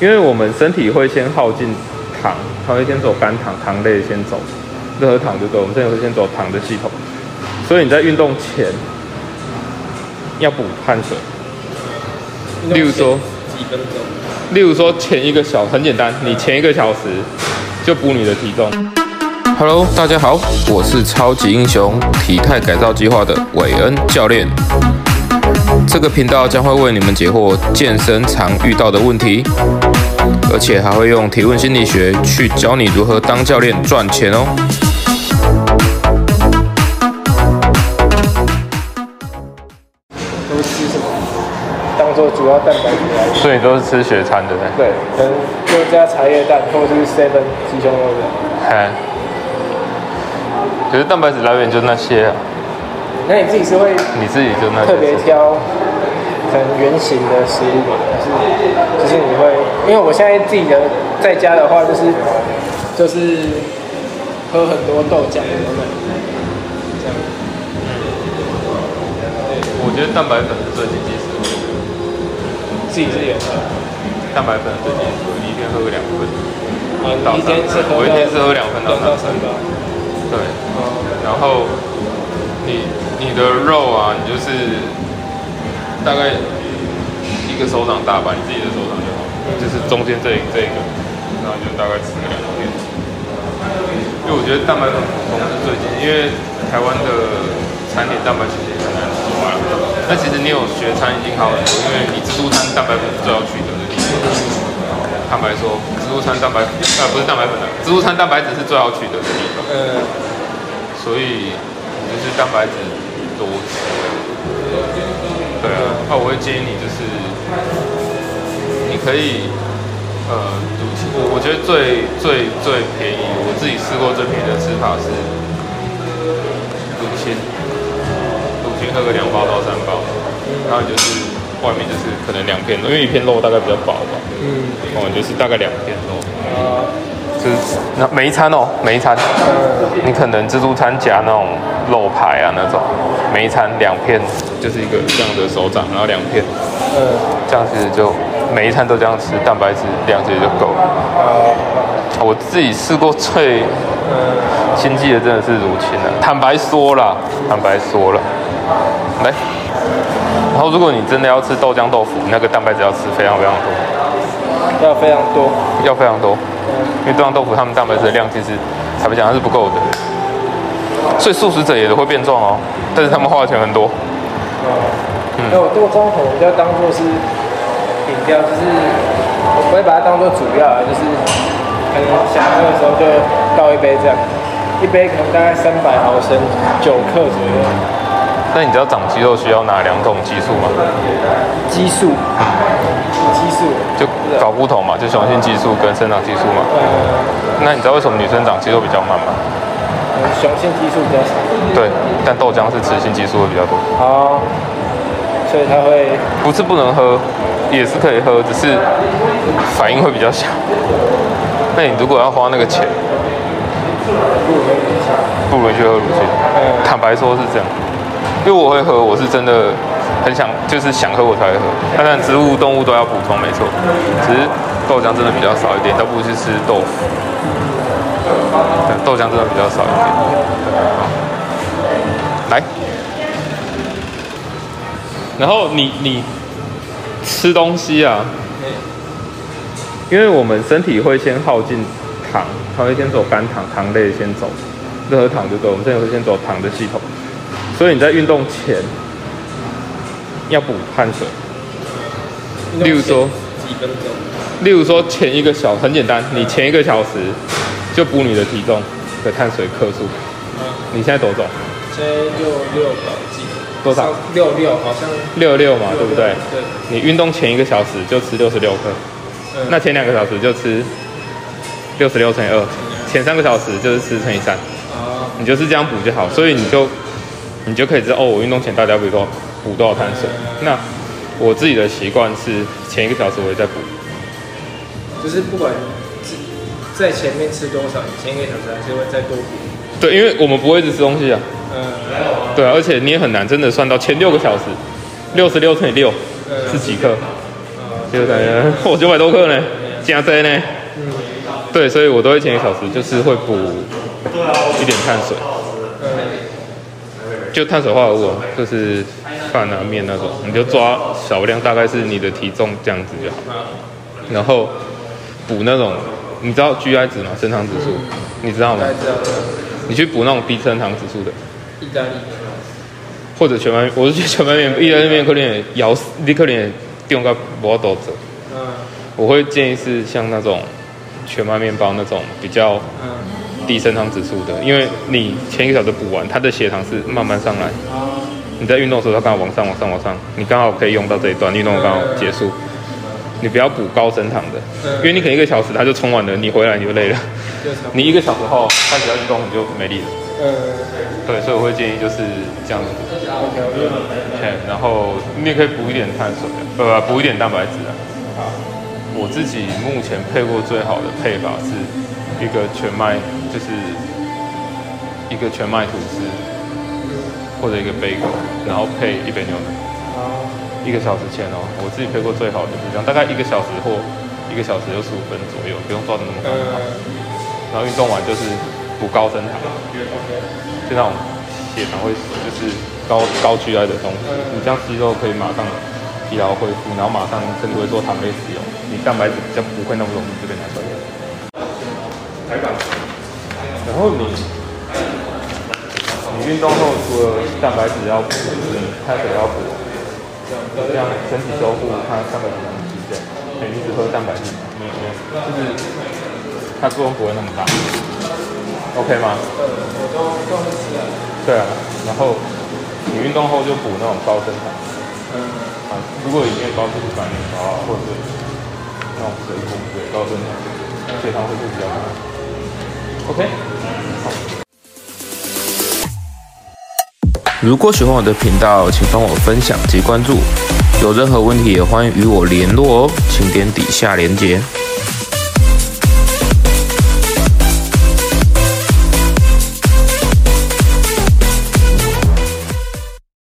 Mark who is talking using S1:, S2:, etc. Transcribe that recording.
S1: 因為我們身體會先耗盡糖，它會先走，肝、糖糖類先走，任何糖就對。我們身體會先走糖的系統，所以你在運動前要補碳水。例如說幾分鐘、嗯、例如說前一個小時，很簡單，嗯、你前一個小時就補你的體重。Hello，大家好，我是超級英雄體態改造計劃的韋恩教練。這個頻道將會為你們解惑健身常遇到的問題，而且還會用提問心理學去教你如何當教練賺錢哦。都是吃什麼當做主要蛋白質來源，所以你都是吃血餐的嘞。對，可能就加茶葉蛋，或者是 seven 雞胸肉的。哎，可是蛋白質來源就那些啊。那你自己是會？你自己就那特別挑，可能圓形的食物的，還是就是你會？因為我現在自己的在家的話，就是就是喝很多豆漿，我覺得蛋白粉是最經濟實惠的，自己是也喝。蛋白粉最經濟實惠，你一天喝個兩份。啊分啊，一天是喝，我一天是喝兩份喝到三份。對，然後。你你的肉啊，你就是大概一個手掌大吧，你自己的手掌就好，就是中間這一這一,一個，然後你就大概吃個兩片。因為我覺得蛋白粉普通是最近，因為台灣的餐點蛋白質很難抓。那其實你有學餐已經好很多，因為你自助餐蛋白粉是最好取得的地方。坦白說，自助餐蛋白啊，不是蛋白粉啊，自助餐蛋白質是最好取得的地方。所以。就是蛋白質多吃，對啊，那我會建議你就是，你可以，呃，我我覺得最最最便宜，我自己試過最便宜的吃法是乳清，乳清喝個兩包到三包，然後就是外面就是可能兩片肉，因為一片肉大概比較薄吧，嗯，哦，就是大概兩片肉。嗯嗯那每一餐哦，每一餐，嗯、你可能自助餐夾那種肉排啊，那種每一餐兩片，就是一個這樣的手掌，然後兩片，嗯、這樣其實就每一餐都這樣吃，蛋白質量其實就夠了。嗯、我自己試過最、嗯、經濟的真的是乳清了，啊，坦白說了，坦白說了，來，然後如果你真的要吃豆漿豆腐，那個蛋白質要吃非常非常多，要非常多，要非常多。因為豆漿豆腐，他們蛋白質的量其實，坦白講還是不夠的，所以素食者也都會變壯哦，但是他們花的錢很多，嗯。嗯，那我豆漿粉我就要當做是飲料，就是我不會把它當做主要，就是可能想喝的時候就倒一杯這樣，一杯可能大概三百毫升，九克左右。那你知道長肌肉需要哪兩種激素嗎？激素，激素。不同、啊、嘛，就雄性激素跟生長激素嘛、嗯。那你知道為什麼女生長激素比較慢嗎？嗯、雄性激素比較少。對，但豆漿是雌性激素會比較多。好、哦，所以它會不是不能喝，也是可以喝，只是反應會比較小。 那你如果要花那個錢，嗯、不如去喝乳清。嗯、坦白說是這樣，因為我會喝，我是真的。很想就是想喝我才會喝，當然植物動物都要補充沒錯，只是豆漿真的比較少一點，倒不如去吃豆腐、嗯。豆漿真的比較少一點。好來，然後你你吃東西啊，因為我們身體會先耗盡糖，它會先走肝糖糖類先走，任何糖就走。我們身體會先走糖的系統，所以你在運動前。要補碳水，例如說幾分鐘，例如說前一個小很簡單，你前一個小時就補你的體重的碳水克數。你現在多重？現在六六多少？六六好像。六六嘛，對不對？對。你運動前一個小時就吃六十六克，那前兩個小時就吃六十六乘以二，前三個小時就是十乘以三。你就是這樣補就好，所以你就你就可以知道哦，我運動前，大家比如說。補多少碳水？嗯、那我自己的習慣是前一個小時我也再補。就是不管在前面吃多少，你前一個小時還是會再多補。對，因為我們不會一直吃東西啊。嗯，對啊，而且你也很難真的算到前六個小時，六十六乘以六、嗯嗯、是幾克？呃、嗯，六百零，九百多克呢？加在呢？嗯、對，所以我都會前一個小時就是會補一點碳水。嗯，碳水。就碳水化合物，就是飯啊麵那種，你就抓少量，大概是你的體重這樣子就好。然後補那種，你知道 GI 值嗎？升糖指數，嗯、你知道嗎？應該知道。嗯、你去補那種低升糖指數的。意大利麵。或者全麥，我是去全麥麵，意大利麵可能咬死，立刻臉用個。我會建議是像那種全麥麵包那種比較。嗯低升糖指數的，因為你前一個小時補完，它的血糖是慢慢上來。你在運動的時候，它剛好往上、往上、往上，你剛好可以用到這一段運動剛好結束。你不要補高升糖的，因為你可能一個小時它就衝完了，你回來你就累了。你一個小時後它只要運動，你就沒力了。嗯、對，所以我會建議就是這樣子。OK，OK。然後你也可以補一點碳水，呃，補一點蛋白質、啊。我自己目前配過最好的配法是一個全麥，就是一個全麥吐司或者一個貝果，然後配一杯牛奶。一個小時前哦，我自己配過最好的就是這樣，大概一個小時或一個小時五十五分左右，不用抓的那麼高。嗯、然後運動完就是補高升糖，就、嗯、那種血糖會就是高高起來的東西，你這樣肌肉可以馬上疲勞恢復，然後馬上甚至會做糖類使用。你蛋白質比較不會那麼容易這邊難受。然後你，你運動後除了蛋白質要補，碳水、嗯、要補，這樣身體修復它蛋白質能提升，可以一直喝蛋白質，每天、嗯，就是它作用不會那麼大。嗯、OK 嗎？嗯、對啊，然後你運動後就補那種高增長。嗯、啊，如果裡面高蛋白的話，或者是。那我隨控對高血糖，血糖會比較高。OK、嗯。如果喜歡我的頻道，請幫我分享及關注。有任何問題也歡迎與我聯絡哦，請點底下連結。